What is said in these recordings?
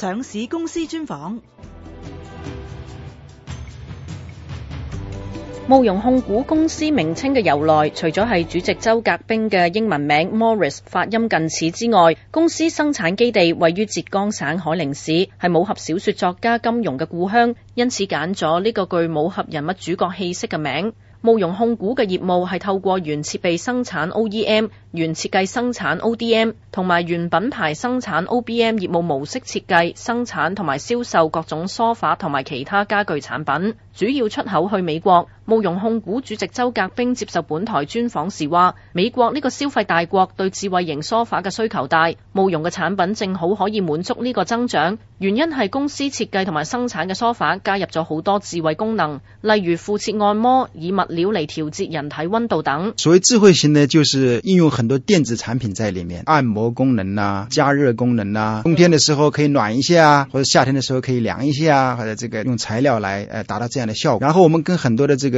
上市公司專訪。慕容控股公司名稱嘅由來，除咗係主席鄒格兵嘅英文名 Morris 發音近似之外，公司生產基地位於浙江省海寧市，係武俠小說作家金庸嘅故鄉，因此揀咗呢個具武俠人物主角氣息嘅名。慕容控股嘅業務係透過原設備生產 OEM、原設計生產 ODM 同埋原品牌生產 OBM 業務模式設計生產同埋銷售各種梳化同埋其他家具產品，主要出口去美國。慕容控股主席鄒格兵接受本台專訪時話，美國呢個消費大國對智慧型梳化嘅需求大，慕容嘅產品正好可以滿足呢個增長。原因係公司設計同埋生產嘅梳化加入咗好多智慧功能，例如附設按摩、以物料嚟調節人體温度等。所謂智慧型呢，就是應用很多電子產品在裏面，按摩功能啊、加熱功能啊、冬天嘅時候可以暖一些啊，或者夏天嘅時候可以涼一些啊，或者這個用材料來誒達到這樣的效果。然後我們跟很多的這個。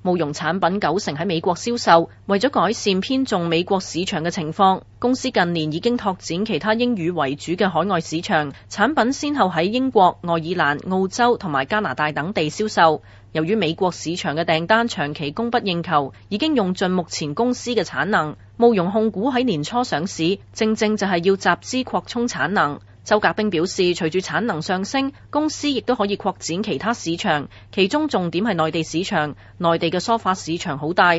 慕容產品九成喺美國銷售，為咗改善偏重美國市場嘅情況，公司近年已經拓展其他英語為主嘅海外市場，產品先後喺英國、愛爾蘭、澳洲同埋加拿大等地銷售。由於美國市場嘅訂單長期供不應求，已經用盡目前公司嘅產能，慕容控股喺年初上市，正正就係要集資擴充產能。鄒格兵表示，隨住產能上升，公司亦都可以擴展其他市場，其中重點係內地市場，內地嘅梳化市場好大。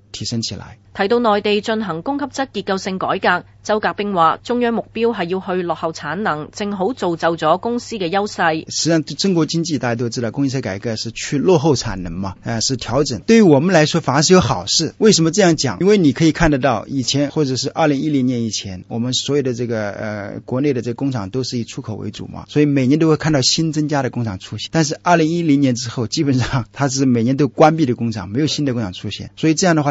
提升起來。提到內地進行供給側結構性改革，鄒格兵話：中央目標係要去落後產能，正好造就咗公司嘅優勢。實際上，中國經濟大家都知道，供給側改革是去落後產能嘛，誒，是調整。對於我們來說，反而是有好事。為什麼這樣講？因為你可以看得到，以前或者是二零一零年以前，我們所有的這個呃國內的這個工廠都是以出口為主嘛，所以每年都會看到新增加的工廠出現。但是二零一零年之後，基本上它是每年都關閉的工廠，沒有新的工廠出現。所以這樣的話。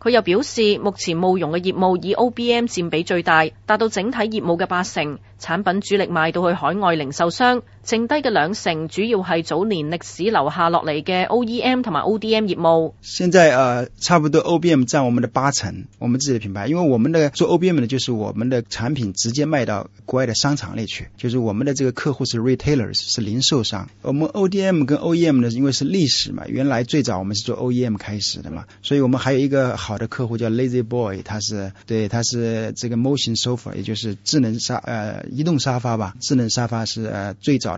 佢又表示，目前慕容嘅業務以 OBM 佔比最大，達到整體業務嘅八成，產品主力賣到去海外零售商。剩低嘅兩成主要係早年歷史留下落嚟嘅 O E M 同埋 O D M 業務。現在呃，差不多 O B M 佔我們的八成，我們自己的品牌，因為我們嘅做 O B M 嘅就是我們嘅產品直接賣到國外嘅商場裏去，就是我們的這個客戶是 retailers，是零售商。我們 O D M 跟 O E M 呢，因為是歷史嘛，原來最早我們是做 O E M 開始的嘛，所以我們還有一個好的客戶叫 Lazy Boy，他是對，他是這個 motion sofa，也就是智能沙呃，移動沙發吧，智能沙發是呃，最早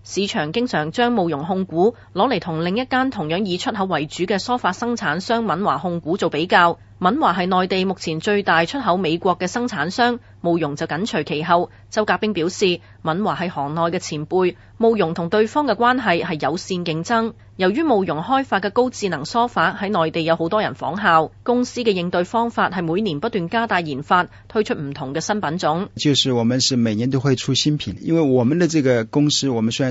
市場經常將慕容控股攞嚟同另一間同樣以出口為主嘅梳化生產商敏華控股做比較。敏華係內地目前最大出口美國嘅生產商，慕容就緊隨其後。鄒格兵表示，敏華係行內嘅前輩，慕容同對方嘅關係係友善競爭。由於慕容開發嘅高智能梳化喺內地有好多人仿效，公司嘅應對方法係每年不斷加大研發，推出唔同嘅新品種。就是我們是每年都會出新品，因為我們的這個公司，我們雖然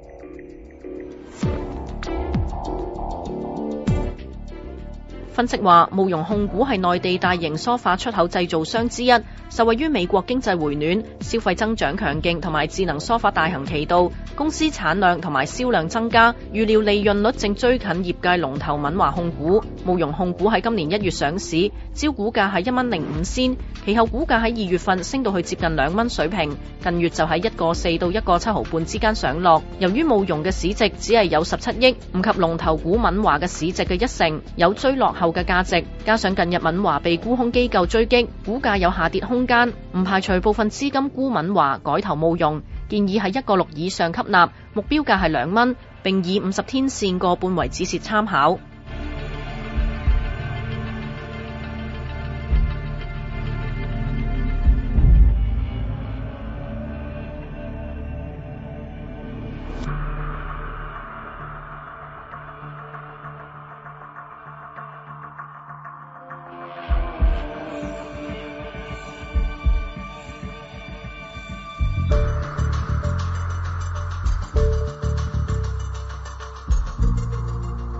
分析話，慕容控股係內地大型梳化出口製造商之一，受惠於美國經濟回暖、消費增長強勁同埋智能梳化大行其道，公司產量同埋銷量增加，預料利潤率正追近業界龍頭敏華控股。慕容控股喺今年一月上市，招股價係一蚊零五仙，其後股價喺二月份升到去接近兩蚊水平，近月就喺一個四到一個七毫半之間上落。由於慕容嘅市值只係有十七億，唔及龍頭股敏華嘅市值嘅一成，有追落後嘅價值，加上近日敏華被沽空機構追擊，股價有下跌空間，唔排除部分資金沽敏華改投慕容，建議係一個六以上吸納，目標價係兩蚊，並以五十天綫個半為止蝕參考。